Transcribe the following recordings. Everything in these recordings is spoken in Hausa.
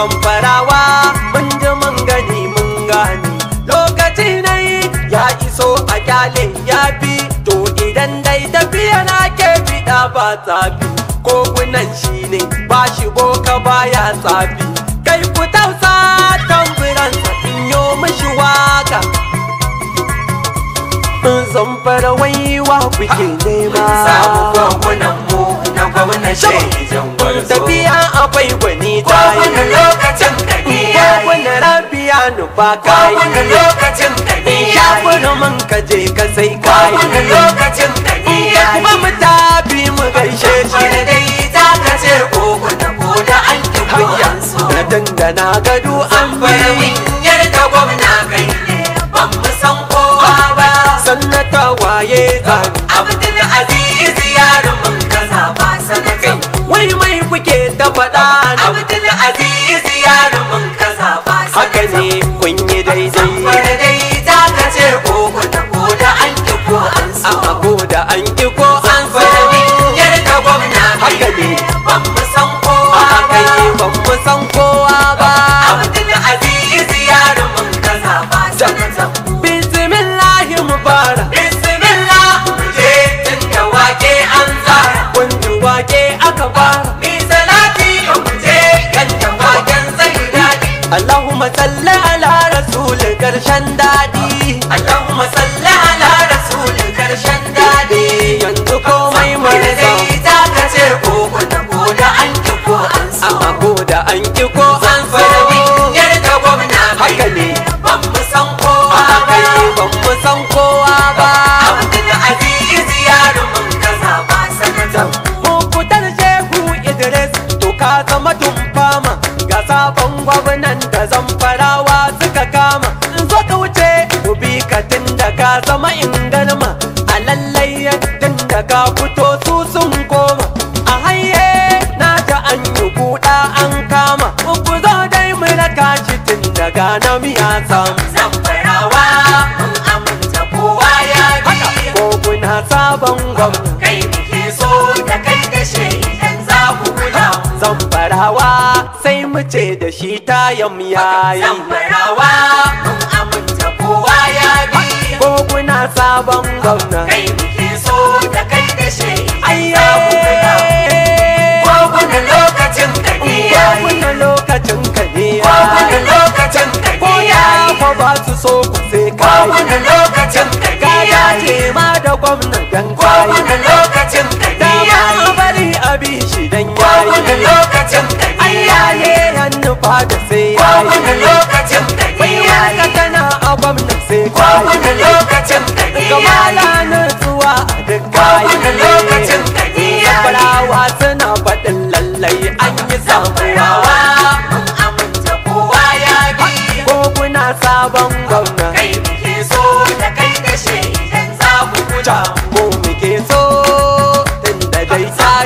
zamfarawa mun ji mun gani mun gani lokaci na yi ya iso a kyale ya bi, to idan dai tafiya na ke fiɗa ba ko kogunan shi ne ba shi boka baya tsafi kai ku tausa tamburan in yo mishi waka zamfara wai wa kuke nema samu gwamna shejan gwarzo tafiya akwai gwani ta yi kowane lokacin kadiya kowane rabiya nufa kayi kowane lokacin kadiya shafunan man ka je ka sai kayi kowane lokacin kadiya kuma mu ta bi mu gaishe shi da dai ta ka ce koko da koda an ki koyan so na dangana gado an bari yarda gwamna kai ne ban mu san kowa ba sannan ta waye ta abin た ji tun daga na miya Zambarawa zamfarawa mun amince kowa ya ji kogun sabon gwam kai muke so da kai da shi idan za ku kula Zambarawa sai mu ce da shi ta yayi Zambarawa mun amince kowa ya ji koguna sabon gwamna kai muke so da kai so ku sai ka kowane lokacin kariya ce ma da gwamnan ko kowane lokacin kariya dama bari abi shi dan yayi kowane lokacin kariya ayyaye yan fa da sai ko kowane lokacin kariya ka na. a gwamnan sai kowane lokacin kariya kamala na zuwa da kowane lokacin kariya farawa suna faɗin lallai an yi samuwa sabon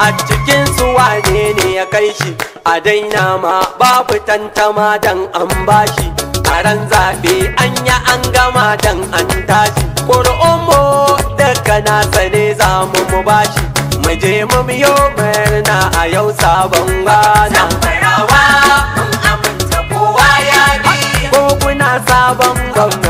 a cikin su wane ne ya kai shi a daina ma babu tantama dan an bashi a ran zaɓe an ya an gama dan an tashi ƙuri'unmu daga nasa ne za mu mu bashi mu je mu miyo a yau sabon gana Ko sabon gwamna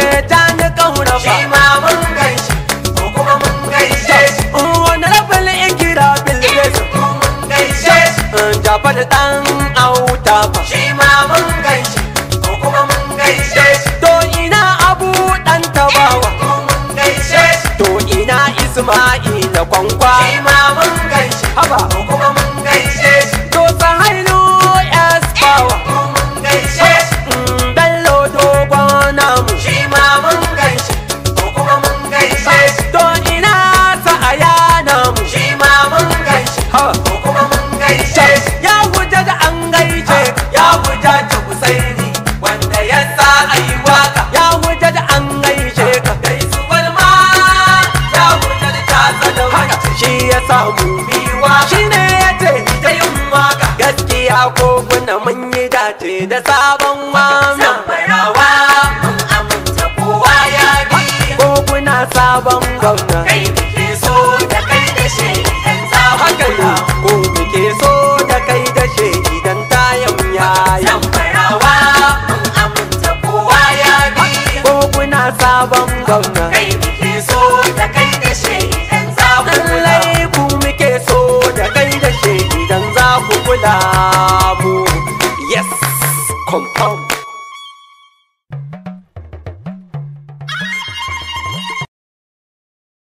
sai ta ni kauna fa shi ma mun gaishe ko kuma mun gaishe oh, mun gaishe fa shi ma mun gaishe kuma mun gaishe ina abu dan tabawa mun gaishe ina isma'i na shi ma mun gaishe shi ya samu biwa shi ne ya ce ta yin waka gaskiya ko kuna mun yi dace da sabon wannan farawa mun aminta kowa ya bi ko kuna sabon gwamna kai muke so da kai da shi idan ta mu kula ko muke so da kai da shi idan ta yamya yan farawa mun aminta kowa ya bi ko kuna sabon gwamna kula mu yes